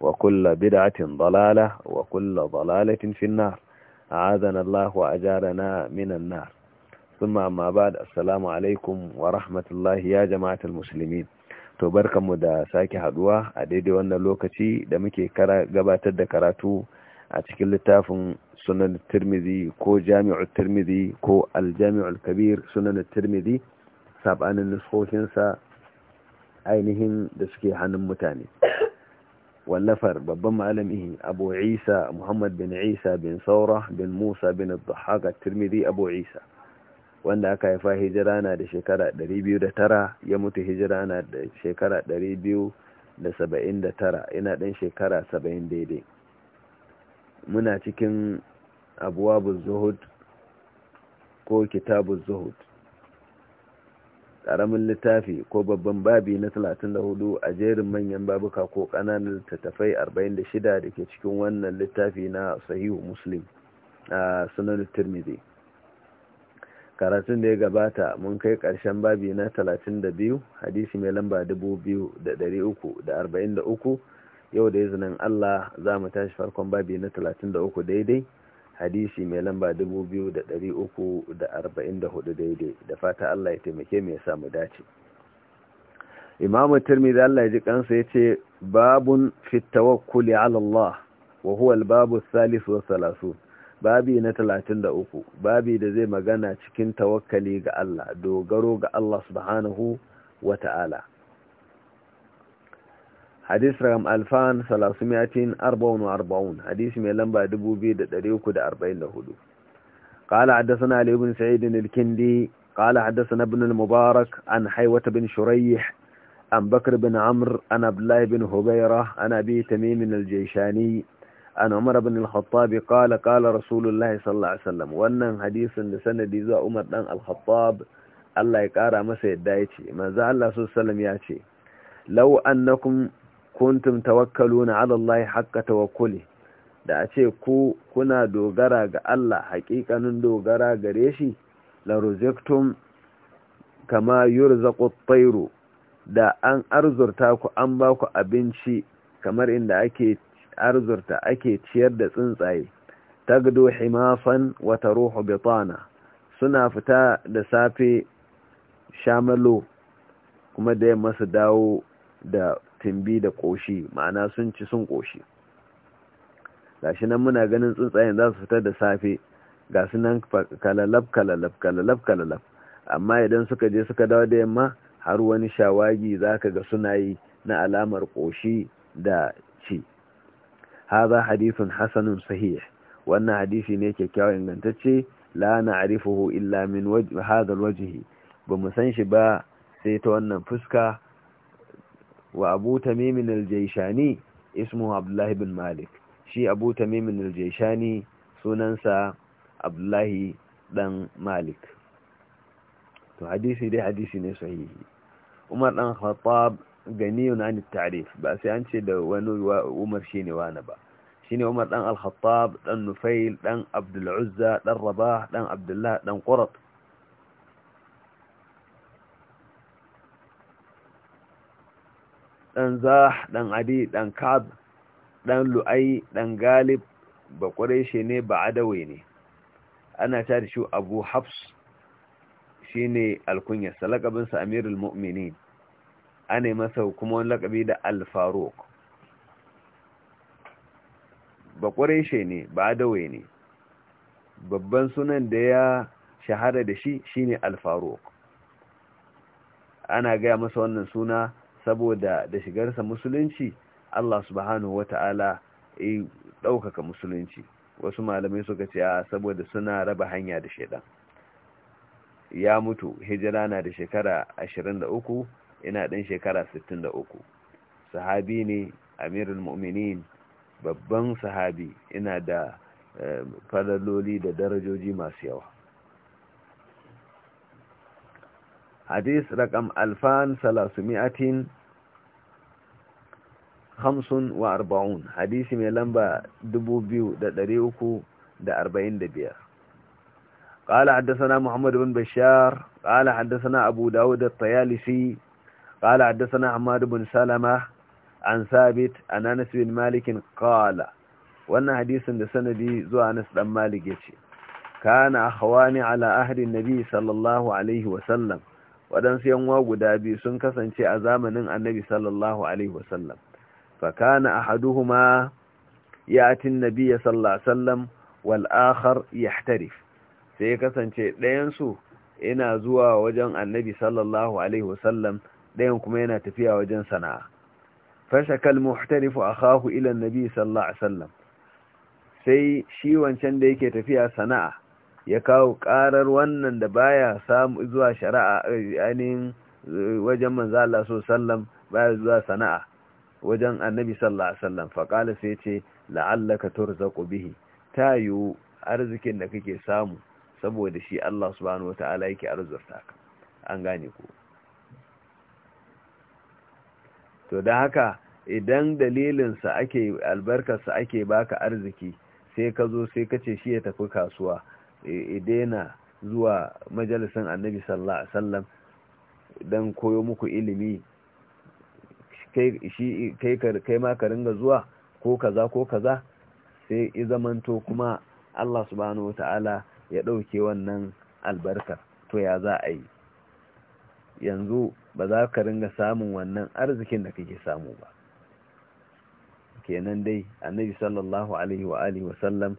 وكل بدعة ضلالة وكل ضلالة في النار أعاذنا الله وأجارنا من النار ثم أما بعد السلام عليكم ورحمة الله يا جماعة المسلمين to barkanmu da sake haduwa a daidai wannan lokaci da muke gabatar da karatu a cikin littafin sunan tirmidhi ko jami'ul tirmidhi ko aljami'ul kabir sunan tirmidhi sabanin nufofinsa ainihin da suke hannun mutane wallafar babban malami abu isa muhammad bin isa bin saura bin musa bin al-dhahaka tirmidhi abu isa wanda aka haifa hijira na da shekara 209 ya mutu hijira na da shekara 279 ina dan shekara 70 daidai muna cikin abuwabu zuhud ko kitabu zuhud ƙaramin littafi ko babban babi na 34 a jerin manyan babuka ko ƙananan littattafai 46 da ke cikin wannan littafi na sahihu muslim a sunan tirmidhi karatun da ya gabata mun kai ƙarshen babi na 32 hadisi mai lamba 2343 yau da izinin Allah za mu tashi farkon babi na 33 daidai hadisi mai lamba 2344 daidai da fata Allah ya taimake mai samu dace imamu tirmidhi Allah ya ji kansa ce, babun fi tawakkuli ala Allah wa huwal babu ath wa talatin babi na 33 babi da zai magana cikin tawakkali ga Allah dogaro ga Allah subhanahu wa ta'ala hadis ragam alfan salasumiyatin arba'un wa arba'un hadisi mai lamba dubu biyu da ɗari uku da arba'in da hudu ƙala haddasa na alibin sa'idin ilkindi ƙala haddasa na bin mubarak an haiwata bin shurayyih an bakar bin amr an abdullahi bin hubaira an abi tamimin aljaishani an umar bin al-khattab qala qala rasulullahi sallallahu alaihi wasallam wannan hadisin da sanadi zuwa umar dan al-khattab Allah ya kara masa yadda yace manzo Allah sallallahu alaihi wasallam yace law annakum kuntum tawakkaluna ala Allah haqqa tawakkuli da a ce ku kuna dogara ga Allah haƙiƙanin dogara gare shi la ruzaqtum kama yurzaqu tayru da an arzurta ku an ba ku abinci kamar inda ake arzurta ake ciyar da tsuntsaye tagdu himasan wa taruhu bitana suna fita da safe shamalo kuma da yamma su dawo da tumbi da ƙoshi ma'ana sun ci sun ƙoshi gashi nan muna ganin tsuntsayen za su fitar da safe ga su nan kalalab kalalab kalalab kalalab amma idan suka je suka dawo da yamma har wani shawagi za ka ga suna yi na alamar ƙoshi da ci haza hadithun hasanun sahih wannan hadisi ne kyakkyawa ingantacce la arifuhu illa min hadha wajihi ba mu san shi ba sai ta wannan fuska wa abu tamimin aljaishani ismu abdullahi bin malik shi abu tamimin aljaishani sunansa abdullahi dan malik to hadisi dai hadisi ne sahihi umar dan khattab ganiyun an tarif ba sai an ce da wani umar shine wani ba shine umar dan al-khattab dan nufail dan abdul uzza dan rabah dan abdullah dan qurat ɗan zah ɗan adi ɗan kab ɗan lu'ai ɗan galib ba ƙwarai ne ba adawai ne ana ta da shi abu hafs shi ne alkunyarsa laƙabinsa amirul mu'minin ana masa kuma wani laƙabi da alfaruk ba ƙwarai ne ba adawai ne babban sunan da ya shahara da shi shine alfaruk ana gaya masa wannan suna saboda da shigarsa musulunci Allah subhanahu wata'ala ya ɗaukaka musulunci wasu malamai suka ce a saboda suna raba hanya da shaidan ya mutu hijira na da shekara 23 ina ɗan shekara 63 sahabi ne amirul mu'minin babban sahabi ina da eh, fadaloli da darajoji masu yawa حديث رقم 2345 حديث من لمبا دبوبيو دريوكو دا 45 قال حدثنا محمد بن بشار قال حدثنا أبو داود الطيالسي قال حدثنا حماد بن سلمة عن ثابت عن أنس بن مالك قال وأن حديث لسندي زو أنس بن مالك كان أخواني على أهل النبي صلى الله عليه وسلم waɗansu yanwa guda biyu sun kasance a zamanin annabi sallallahu alaihi wasallam fakana ahaduhuma ya'ti an-nabiy sallallahu alaihi wasallam wal akhar yahtarif sai ya kasance ɗayansu. su yana zuwa wajen annabi sallallahu alaihi wasallam ɗayan kuma yana tafiya wajen sana'a fashakal muhtarifu akahu ila nabi sallallahu alaihi wasallam sai shi wancan da yake tafiya sana'a ya kawo karar wannan da baya samu zuwa shari'a ainihin wajen manzo Allah sallam baya zuwa sana'a wajen annabi sallallahu alaihi wasallam faqala sai ce la'allaka turzaqu bihi tayu arzikin da kake samu saboda shi Allah subhanahu wataala yake arzurta ka an gane ku to da haka idan dalilinsa ake albarkarsa ake baka arziki sai ka zo sai ka ce shi ya tafi kasuwa daina zuwa majalisan annabi sallallahu alaihi wasallam don koyo muku ilimi kai ma ka ringa zuwa ko kaza ko kaza sai i zamanto kuma Allah subhanahu wata'ala ya ɗauke wannan albarka to ya za a yi yanzu ba za ka ringa samun wannan arzikin da kake samu ba kenan dai annabi sallallahu alaihi wa alihi wasallam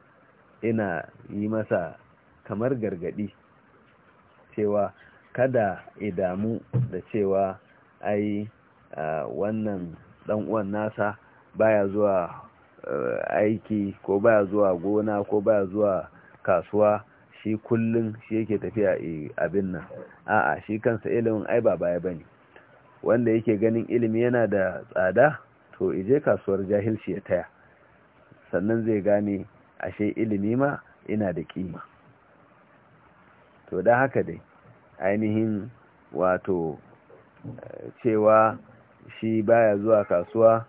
ina yi masa kamar gargadi cewa kada idamu da cewa ai wannan dan uwan nasa baya zuwa aiki ko baya zuwa gona ko baya zuwa kasuwa shi kullum shi yake tafiya eh, abin nan a'a shi kansa ilimin ai ba baya bane wanda yake ganin ilimi yana da tsada to ije kasuwar jahilci ya taya sannan zai gane ashe ilimi ma ina da kima to da haka dai ainihin wato cewa shi baya zuwa kasuwa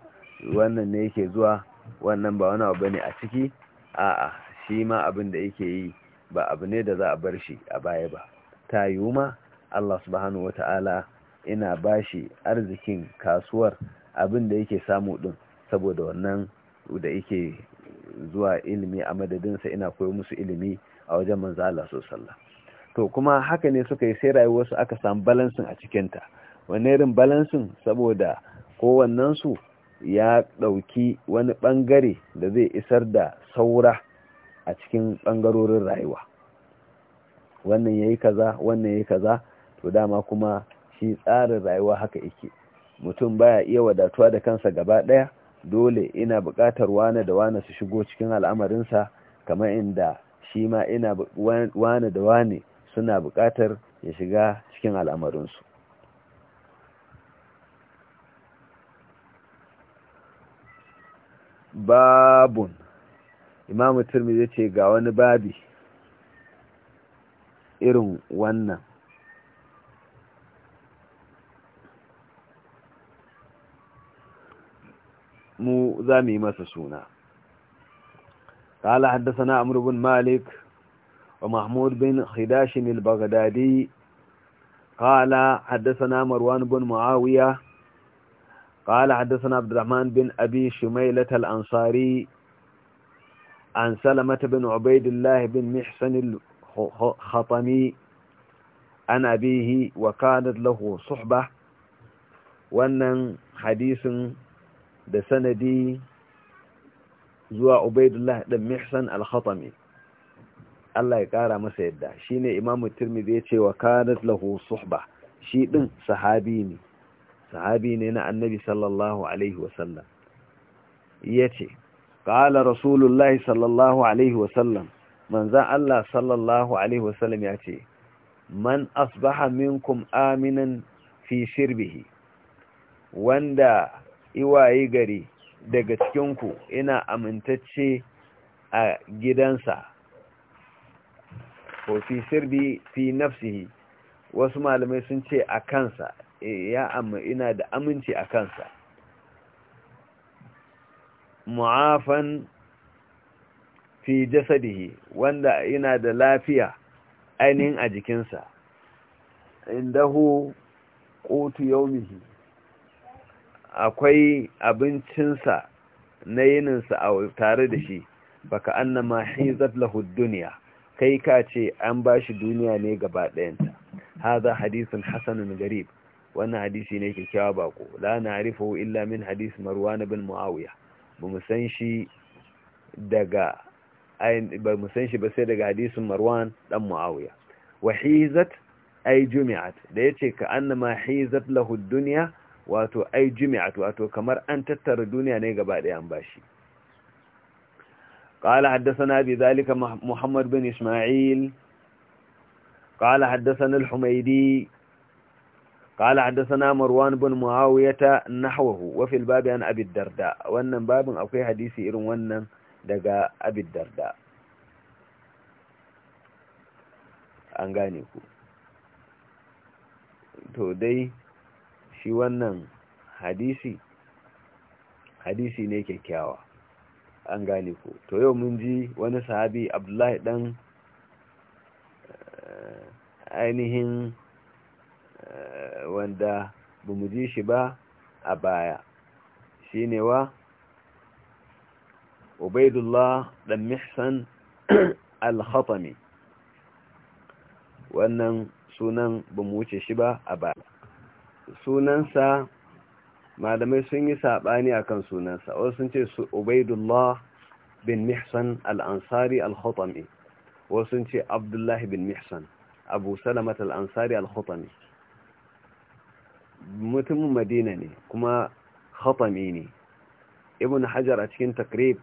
wannan ne yake zuwa wannan ba wani abu ne a ciki a'a shi ma abin da yake yi ba abu ne da za a bar shi a baya ba ta yi ma Allah subhanahu ta'ala ina bashi arzikin kasuwar abin da yake samu din saboda wannan da yake zuwa ilimi a madadinsa ina koyo musu ilimi a wajen manzo Allah sallallahu to kuma haka ne suka yi sai rayuwarsu aka samu balansin a cikinta wani irin balansin saboda kowannensu ya ɗauki wani ɓangare da zai isar da saura a cikin ɓangarorin rayuwa wannan ya yi kaza wannan ya yi kaza to dama kuma shi tsarin rayuwa haka yake mutum baya iya wadatuwa da kansa gaba ɗaya dole ina buƙatar wane da wane su shigo cikin al'amarinsa kamar inda shi ma ina wane da wane suna buƙatar ya shiga cikin al'amarinsu babun imamu turmi zai ce ga wani babi irin wannan mu za mu yi masa suna ala haddasa na amurbin Malik? ومحمود بن خداش البغدادي قال حدثنا مروان بن معاوية قال حدثنا عبد الرحمن بن أبي شميلة الأنصاري عن سلمة بن عبيد الله بن محسن الخطمي عن أبيه وكانت له صحبة وأن حديث da sanadi zuwa Ubaidullah ɗan Mihsan al-Khatami Allah ya kara masa yadda shine imamu tirmidhi ya ce wa kanat lahu suhba shi din sahabi ne sahabi ne na annabi sallallahu alaihi wasallam yace qala rasulullahi sallallahu alaihi wasallam manzan Allah sallallahu alaihi wasallam ya ce man asbaha minkum aminan fi shirbihi wanda iwaye gari daga cikinku ina amintacce a gidansa ko fi sirbi fi nafsihi wasu malamai sun ce a kansa eh, ya amma ina da aminci a kansa mu'afan fi jasadihi wanda ina da lafiya ainihin a jikinsa indahu kotu yawmihi akwai abincinsa na yininsa a tare da shi baka annama hizat lahu duniya. kai ka ce an ba shi duniya ne gaba ɗayanta haza hadisun hasanun garib wannan hadisi ne kyakkyawa bako la na harifahu illa min hadis marwan bin muawiya ba mu san shi ba sai daga hadisin marwan dan muawiya wa hizat ay jumi'at da yace ka annama hizat lahu dunya wato ay jumi'at wato kamar an tattara duniya ne gaba ɗaya an bashi Ka alahada sana biyu zalika muhammad bin isma'il, ka alahada sana alhummaidi, ka alahada sana marwan bin muhawuyata, na hauhu, wannan babin akwai hadisi irin wannan daga abin darda, an gane ku, to dai shi wannan hadisi, hadisi ne kyakkyawa. an gane ku to yau mun ji wani sahabi abdullahi dan eh, ainihin eh, wanda ba mu ji shi ba a baya shi ne wa ubaidullah dan mihsan al-khatami wannan sunan ba mu wuce shi ba a baya sunansa malamai sun yi saɓani a kan sunansa wasu sun ce su ubaidullah bin mihsan al'ansari al-hutami wasu sun ce abdullahi bin mihsan abu salamat al'ansari al-hutami mutumin madina ne kuma hutami ne ibn hajar a cikin takrib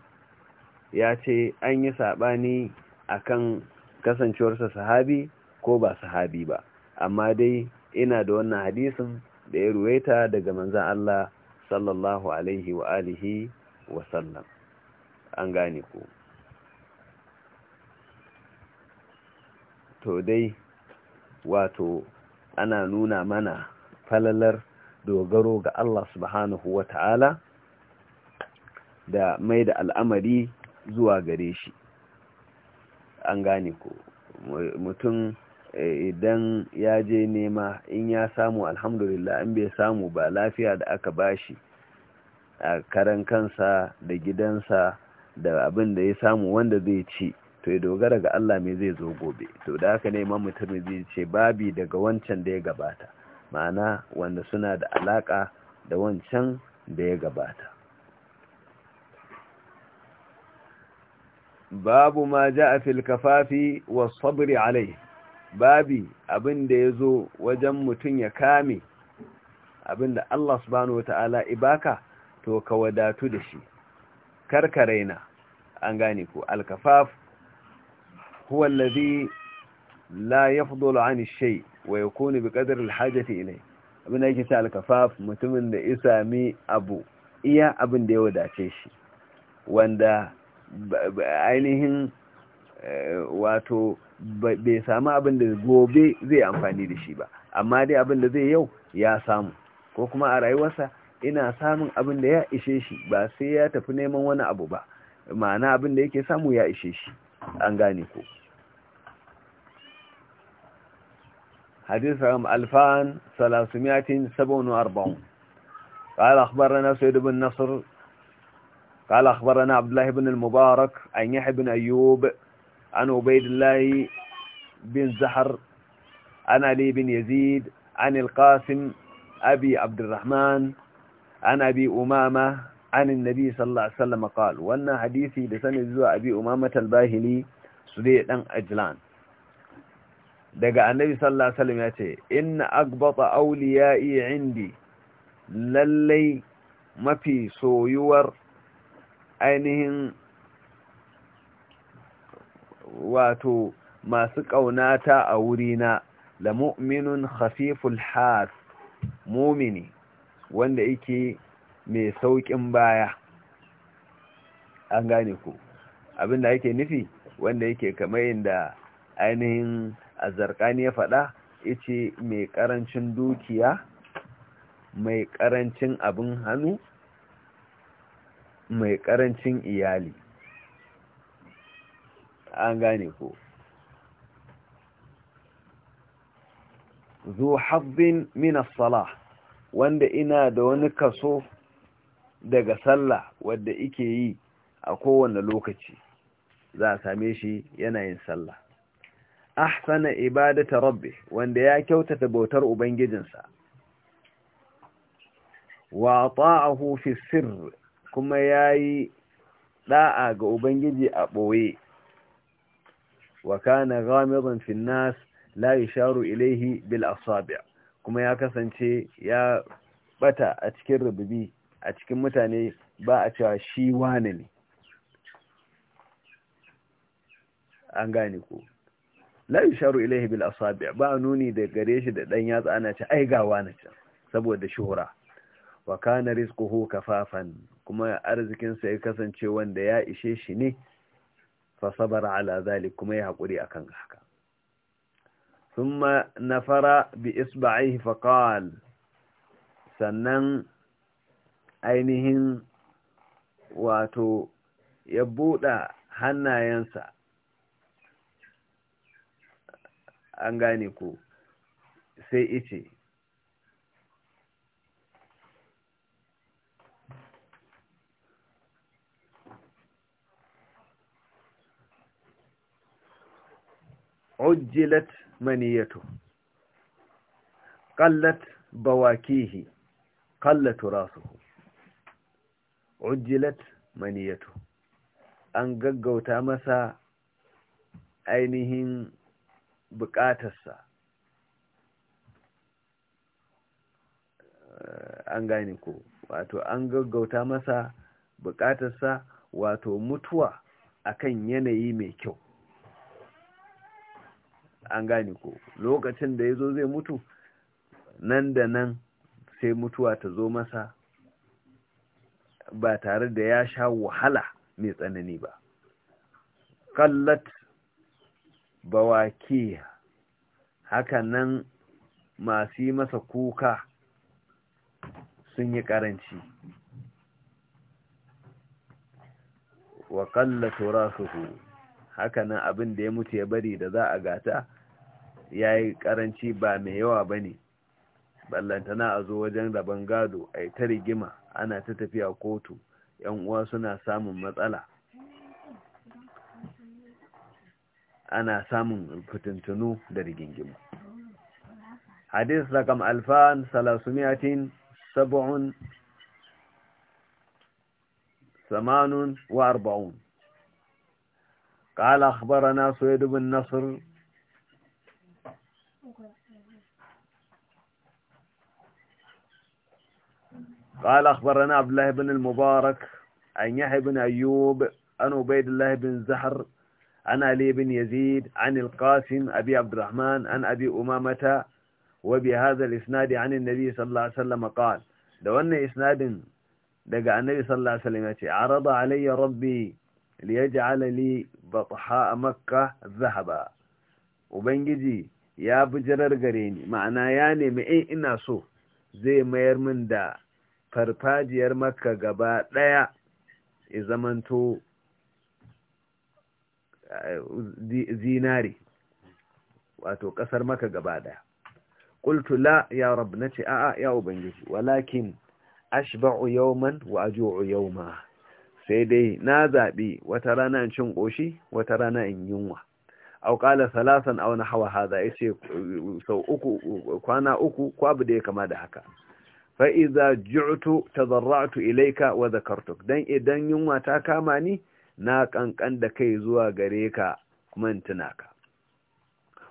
ya ce an yi saɓani a kan kasancewarsa sahabi ko ba sahabi ba amma dai ina da wannan hadisin da ya ruwaita daga manzan Allah sallallahu alaihi wa alihi wa sallam an gane ku to dai wato ana nuna mana falalar dogaro ga Allah subhanahu wa ta'ala da mai da al'amari zuwa gare shi an gane ku mutum Eh, idan ya je nema in ya samu alhamdulillah in bai samu ba lafiya da aka bashi a karan kansa da gidansa da abin da ya samu wanda zai ci to ya dogara ga Allah mai zai zo gobe to da haka ne ma mutumin zai ce babi daga wancan da ya gabata ma'ana wanda suna da alaka da wancan da ya gabata babu ma ja'a fil kafafi was sabri alayhi babi abin da ya zo wajen mutum ya kame abin da Allah subhanahu wata'ala ibaka to ka wadatu da shi karkaraina an gane ku alkafaf huwa alladhi la yafdulu an shay wa yakunu bi qadri alhajati ilay abin da yake ta alkafaf mutumin da isa mi abu iya abin da ya wadace shi wanda ainihin Eh, wato bai samu abin da gobe zai amfani da shi ba amma dai abin da zai yau ya samu ko kuma a rayuwarsa ina samun abin da ya ishe shi ba sai ya tafi neman wani abu ba ma'ana abin da yake samu ya ishe shi an gane ko حديث رقم 2347 قال أخبرنا سيد بن نصر قال أخبرنا عبد الله بن المبارك عن يحيى بن أيوب عن عبيد الله بن زحر عن علي بن يزيد عن القاسم أبي عبد الرحمن عن أبي أمامة عن النبي صلى الله عليه وسلم قال وأن حديثي لسنة زوى أبي أمامة الباهلي سديء أجلان دقاء النبي صلى الله عليه وسلم wasallam إن أقبط أوليائي عندي للي ما في سويور ainihin wato masu ƙaunata a wurina la mu'minun khafiful has mumini wanda yake mai sauƙin baya an gane ku abinda yake nufi wanda yake kamar yadda ainihin azarkani ya faɗa yace mai ƙarancin dukiya mai ƙarancin abin hannu mai ƙarancin iyali an gane ko zu habbin min as-salah wanda ina da wani kaso daga sallah wanda ike yi a kowane lokaci za a same shi yana yin sallah ahsana ibadata rabbi wanda ya kyautata bautar ubangijinsa wa ta'ahu fi sirr kuma yayi da'a ga ubangiji a boye wa kana ghamidan fi nas la yasharu bil asabi' kuma ya kasance ya bata a cikin rububi a cikin mutane ba a cewa shi wane ne an gane ko la yusharu ilayhi bil asabi' ba nuni da gare shi da dan yatsa ana ce ai ga wani can saboda shuhura wa kana rizquhu kafafan kuma arzikinsa ya kasance wanda ya ishe shi ne fa sabara ala zalik kuma ya haƙuri akan haka thumma nafara bi isba'ihi fa sannan ainihin wato ya buɗa hannayensa an gane sai ice ujjilat maniyatu qallat bawakihi qallat rasuhu ujjilat maniyatu an gaggauta masa ainihin bukatarsa an gane ku. wato an gaggauta masa bukatarsa wato mutuwa akan yanayi mai kyau an gane ko lokacin da ya zo zai mutu nan da nan sai mutuwa ta zo masa ba tare da ya sha wahala mai tsanani ba kallat bawaki hakanan masu yi masa kuka sun yi karanci wa kallata rasuhu hakanan abin da ya mutu ya bari da za a gata ya yi karanci ba mai yawa ba ne ballantana a zo wajen rabon gado a yi ta rigima ana ta tafiya kotu yan uwa suna samun matsala ana samun fitintunu da rigingimu hadis rakam alfan salasumiyatin samanun wa arba'un قال أخبرنا سويد بن نصر قال أخبرنا عبد الله بن المبارك عن يحيى بن أيوب عن عبيد الله بن زحر عن علي بن يزيد عن القاسم أبي عبد الرحمن عن أبي أمامة وبهذا الإسناد عن النبي صلى الله عليه وسلم قال لو أن إسناد دقى النبي صلى الله عليه وسلم عرض علي ربي ليجعل لي بطحاء مكة ذهبا وبنجي يا بجرر قريني معناه يعني معي إناسو زي zai mayar min farfajiyar makka gaba ɗaya ya zamanto eh, zinari wato ƙasar maka gaba ɗaya ƙultula la ya rabu na ce a'a ya ubangiji walakin ashba'u yawman wa aju'u yawma sai dai na zaɓi wata rana in cin ƙoshi wata rana in yunwa au salasan a wani hawa haza ya ce sau uku kwana uku kwabu da ya kama da haka fa'iza ji'utu zarra'atu ilaika wa zakartuk dan idan yunwa ta kama ni na kankan da kai zuwa gare ka wai ka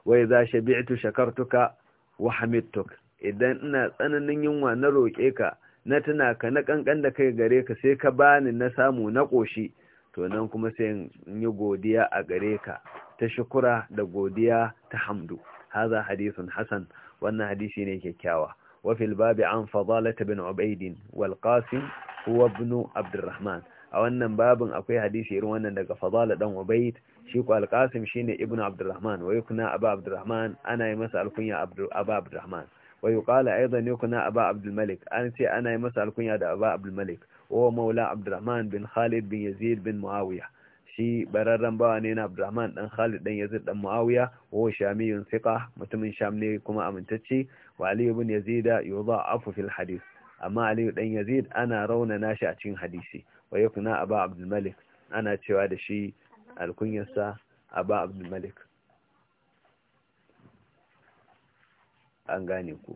wa iza shabi'tu shakartuka wa hamidtuk idan ina tsananin yunwa na roƙe ka na tuna ka na kankan da kai gare ka sai ka bani na samu na ƙoshi to nan kuma sai in yi godiya a gare ka ta shukura da godiya ta hamdu haza hadisun hasan wannan hadisi ne kyakkyawa وفي الباب عن فضالة بن عبيد والقاسم هو ابن عبد الرحمن a wannan babin akwai hadisi irin wannan daga fadala dan ubayd shi ko alqasim shine ibnu abdurrahman wa yukna aba abdurrahman ana yi masa alkunya aba abdurrahman wa yuqala aidan yukna aba abdul malik an ce ana yi masa alkunya da aba abdul malik wa maula abdurrahman bin khalid bin yazid bin muawiya shi bararren bawa ne na Abdurrahman dan Khalid dan Yazid dan Muawiya wa Shamiyun thiqa mutumin Sham ne kuma amintacce wa Ali ibn Yazid yudha'afu fil hadith amma Ali dan Yazid ana rauna nashi a cikin hadisi wa yakuna Aba Abdul Malik ana cewa da shi alkunyarsa Aba Abdul Malik an gane ku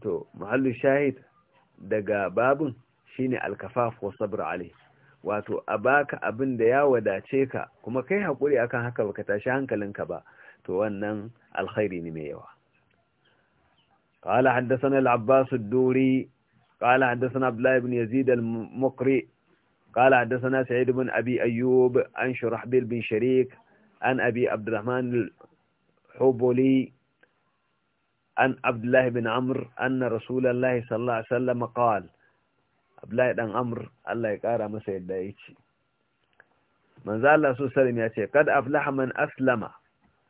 to mahallu shahid daga babun shine alkafaf wa sabr alayhi wato a baka abin da ya wadace ka kuma kai haƙuri akan haka baka tashi hankalinka ba to wannan alkhairi ne mai yawa qala haddathana al-abbas ad-duri qala haddathana abdullah ibn yazid al-muqri qala haddathana abi ayyub an shurahbil bin sharik an abi abd al-rahman an abdullah ibn amr anna rasulallahi sallallahu alaihi abdullahi dan amr Allah ya kara masa yadda ya manzo Allah so sallam ya ce kad aflaha man aslama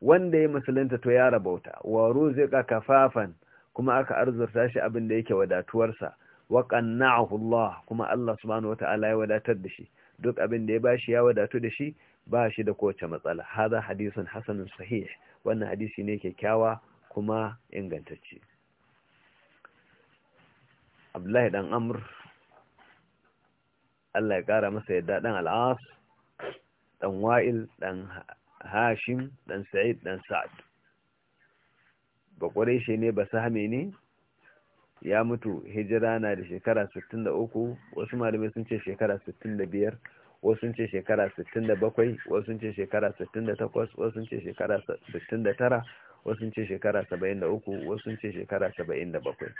wanda ya musulunta to ya rabauta wa ruziqa kafafan kuma aka arzurta shi abin da yake wadatuwarsa wa qanna'ahu Allah kuma Allah subhanahu wataala ya wadatar da shi duk abin da ya bashi ya wadatu da shi ba shi da kowace matsala hada hadisin hasanun sahih wannan hadisi ne kyakkyawa kuma ingantacce abdullahi dan amr Allah ya ƙara masa yadda ɗan al'as ɗan wa'il ɗan hashim ɗan sa'id ɗan sa'ad ba ƙwarai ne ba sahame ne ya mutu hijira na da shekara 63 wasu malamai sun ce shekara 65 wasu sun ce shekara 67 wasu sun ce shekara 68 wasu sun ce shekara 69 wasu sun ce shekara 73 wasu sun ce shekara 77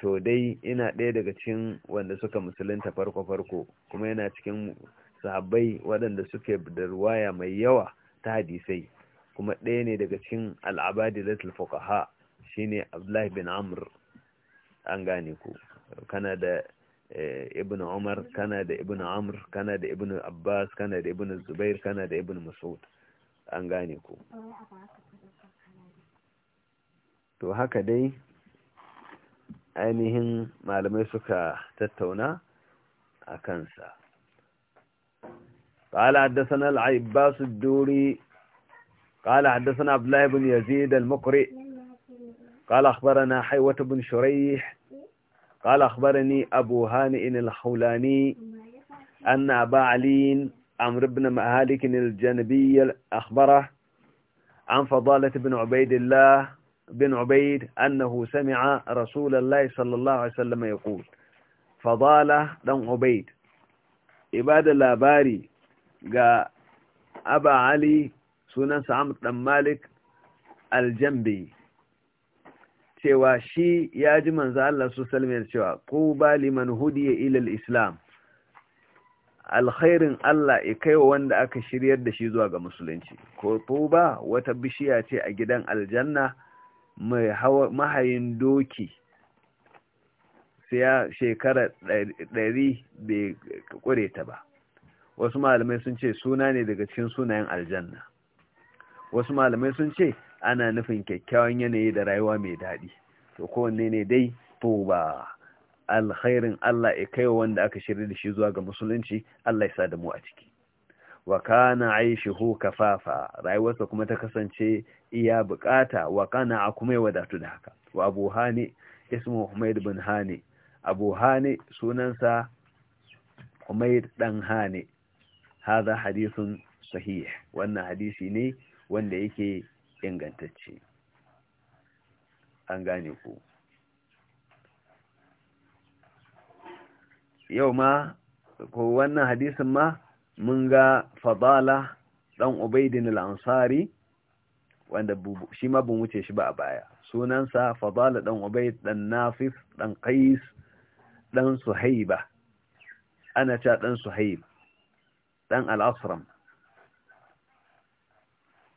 to dai ina ɗaya daga cikin wanda suka musulunta farko-farko kuma yana cikin sahabbai waɗanda suke da ruwaya mai yawa ta hadisai kuma ɗaya ne daga cikin al'abadi latul fuqaha shine abdullahi bin amr an gane ku kana da eh, ibn umar kana da ibn amr kana da ibn abbas kana da ibn zubair kana da ibn mas'ud an gane ku oh, to haka dai ainihin malamai suka tattauna a قال حدثنا العباس الدوري قال حدثنا عبد الله بن يزيد المقرئ قال أخبرنا حيوة بن شريح قال أخبرني أبو هانئ الحولاني أن أبا علي عمرو بن مهالك الجنبي أخبره عن فضالة بن عبيد الله بن عبيد أنه سمع رسول الله صلى الله عليه وسلم يقول فضالة دن عبيد إبادة لاباري قا أبا علي سعمت دن مالك aljambi cewa shi ya ji الله Allah الله عليه cewa quba لمن هدي إلى islam alkhairin Allah ya kai wanda aka shiryar da shi zuwa ga musulunci ko tuba wata bishiya ce a gidan aljanna mai mahayin doki siya shekara ɗari bai ƙure ta ba wasu malamai sun ce suna ne daga cikin sunayen aljanna wasu malamai sun ce ana nufin kyakkyawan yanayi da rayuwa mai daɗi to kowanne ne dai to ba alkhairin Allah ya kai wanda aka shirya da shi zuwa ga musulunci Allah ya sa da mu a ciki wa kana aishihu kafafa rayuwarsa kuma ta kasance iya bukata wa kana a kuma ya wadatu da haka wa abu hani ismu humaid bin hani abu hani sunansa humaid dan hani haza hadisun sahih wannan hadisi ne wanda yake ingantacce an gane ku yau ma ko wannan hadisin ma mun ga fadala ɗan ubaidin ansari wanda shi ma bin wuce shi ba a baya sunansa fadala ɗan ubaid ɗan nafis ɗan qais ɗan suhaiba ana ca ɗan suhaib ɗan al'asram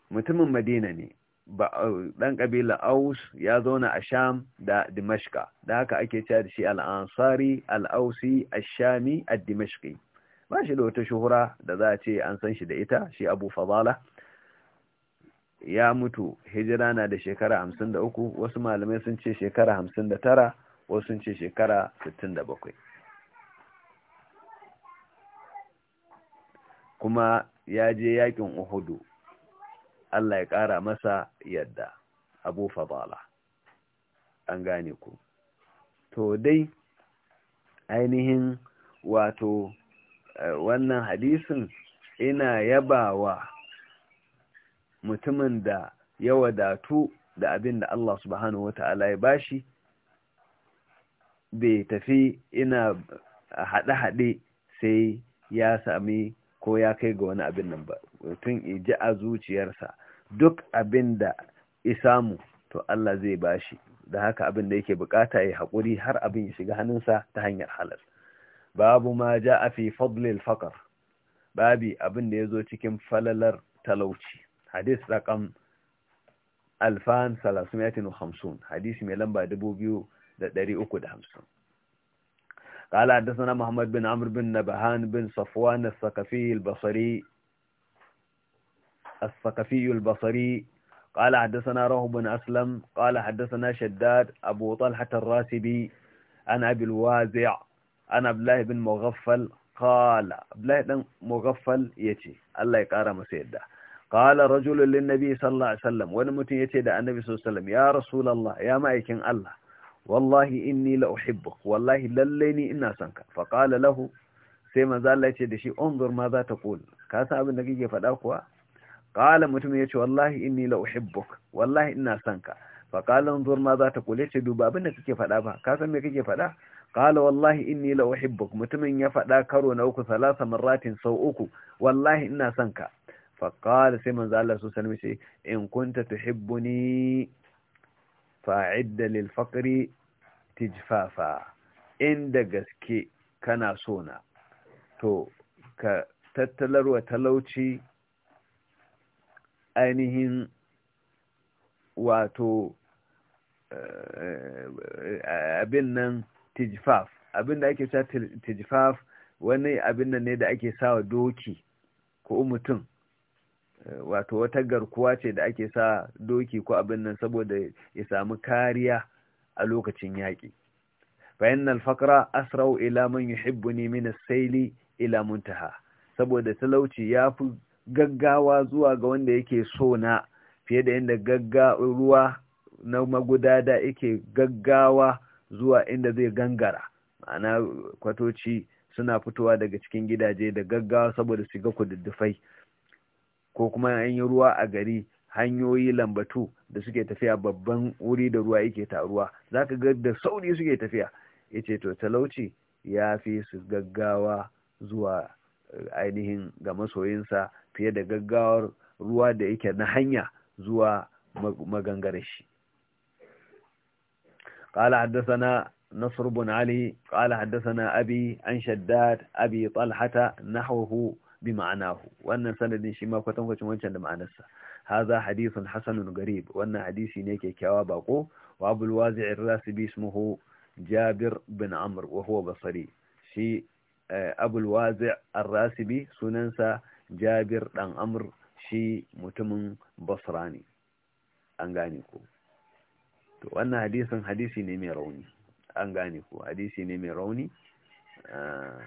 mutumin madina ne ɗan ƙabila aus ya zauna a sham da dimashka da haka ake cewa da shi al'ansari al'ausi ashami ad dimashki ba shi da wata shuhura da za a ce an san shi da ita shi abu fadala ya mutu hijira na da shekara hamsin da uku wasu malamai sun ce shekara hamsin da tara wasu sun ce shekara sittin da bakwai kuma ya je yakin uhudu Allah ya ƙara masa yadda abu fadala an gane ku to dai ainihin wato wannan hadisin ina yabawa mutumin da ya wadatu da abin da Allah subhanahu wata'ala ya bashi bai tafi ina haɗe-haɗe sai ya sami ko ya kai ga wani abin nan ba tun iji a zuciyarsa duk abin da isamu to Allah zai bashi da haka abin da yake bukata ya haƙuri har abin ya shiga hannunsa ta hanyar halas babu ma ja a fi fadlil faƙar babi abin da ya zo cikin falalar talauci hadis raƙam alfan salasumiyatin hamsin hadisi mai lamba dubu biyu da ɗari uku da hamsin قال حدثنا محمد بن عمرو بن نبهان بن صفوان الثقفي البصري الثقفي البصري قال حدثنا رهب بن أسلم قال حدثنا شداد أبو طلحة الراسبي عن أبي الوازع an abdullahi bin mughaffal qala abdullahi dan mughaffal yace Allah ya kara masa yadda qala rajulun lin nabi sallallahu alaihi wasallam wani mutum yace da annabi sallallahu alaihi wasallam ya rasulullah ya ma'aikin Allah wallahi inni la uhibbuk wallahi lalle ni ina son ka fa qala lahu sai manzo Allah yace da shi unzur ma za ta qul ka san abin da kike faɗa kuwa qala mutum yace wallahi inni la uhibbuk wallahi ina son ka fa qala unzur ma za ta qul yace duba abin da kike faɗa ba ka san me kike faɗa kala wallahi inni la uhibbuk mutumin ya faɗa karo na uku salasa marratin sau uku wallahi ina son ka fa qala sai manzo Allah su sanin shi in kunta tuhibbuni fa'idda lil faqri tijfafa inda gaske kana so na to ka tattalarwa talauci ainihin wato eh, eh, abin nan tijfaf abin da ake sa tijfaf wani abin nan ne da ake sawa doki ko mutum eh, wato wata garkuwa ce da ake sa doki ko abin nan saboda ya samu kariya a lokacin yaƙi bayan fakra asrau ila man yuhibbuni mina as-sayli ila muntaha saboda talauci ya fi gaggawa zuwa ga wanda yake so na fiye da yadda gaggawa ruwa na magudada yake gaggawa zuwa inda zai gangara ma'ana kwatoci suna fitowa daga cikin gidaje da gaggawa saboda su ga kududdufai ko kuma an yi ruwa a gari hanyoyi lambatu da suke tafiya babban wuri da ruwa yake taruwa za ka ga da sauri suke tafiya ya ce to talauci ya fi su gaggawa zuwa eh, ainihin ga masoyinsa fiye da gaggawar ruwa da yake na hanya zuwa magangarashi قال حدثنا نصر بن علي قال حدثنا أبي عن شداد أبي طلحة نحوه بمعناه وأن سند شما كتن كتن معناه هذا حديث حسن قريب وأن حديث نيكي كوابقو وأبو الوازع الراسبي اسمه جابر بن عمرو وهو بصري شي أبو الوازع الراسبي سننسى جابر بن عمرو شي متمن بصراني أنغانيكو to wannan hadisin hadisi ne mai rauni an gane ko hadisi ne mai rauni ah,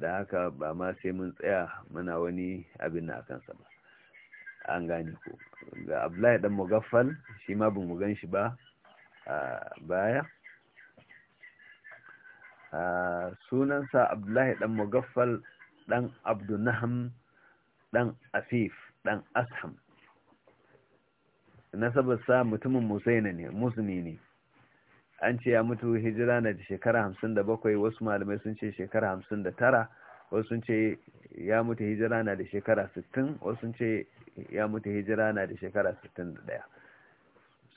da haka ba ma sai mun tsaya muna wani abin na kansa ba an gane ko ga abdullahi dan mugaffal shi ma bin mu gan shi ba baya ah, sunansa abdullahi dan mugaffal dan abdunaham dan Asif dan asham sa mutumin musaina ne musulmi ne an ce ya mutu hijira na shekara hamsin da bakwai wasu malamai sun ce shekara hamsin da tara wasu sun ce ya mutu hijira na da shekara sittin wasu sun ce ya mutu hijira na da shekara sittin da ɗaya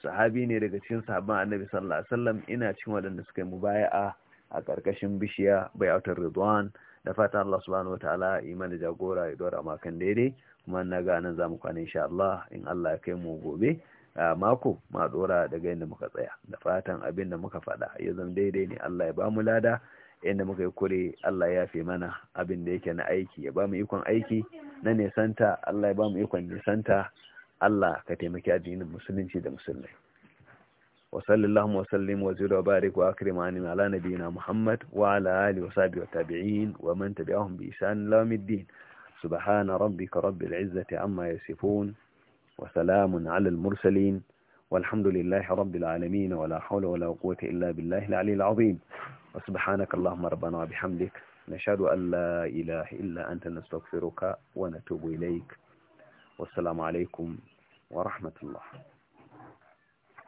sahabi ne daga cikin sahabban annabi sallallahu alaihi wasallam ina cikin waɗanda suka yi mubaya'a a ƙarƙashin bishiya bayautar ridwan da fatan Allah subhanahu wataala ya mana jagora ya dora makan daidai kuma na ga nan zamu kwana insha Allah in Allah ya kai mu gobe mako ma dora daga inda muka tsaya da fatan abin da muka faɗa ya zama daidai ne Allah ya ba mu lada inda muka yi kure Allah ya fi mana abin da yake na aiki ya ba mu ikon aiki na nisanta Allah ya ba mu ikon nisanta Allah ka taimaki addinin musulunci da musulmai وصل اللهم وسلم وزد وبارك وأكرم وأنعم على نبينا محمد وعلى آله وصحبه والتابعين ومن تبعهم بإحسان إلى يوم الدين سبحان ربك رب العزة عما يصفون وسلام على المرسلين والحمد لله رب العالمين ولا حول ولا قوة إلا بالله العلي العظيم وسبحانك اللهم ربنا وبحمدك نشهد أن لا إله إلا أنت نستغفرك ونتوب إليك والسلام عليكم ورحمة الله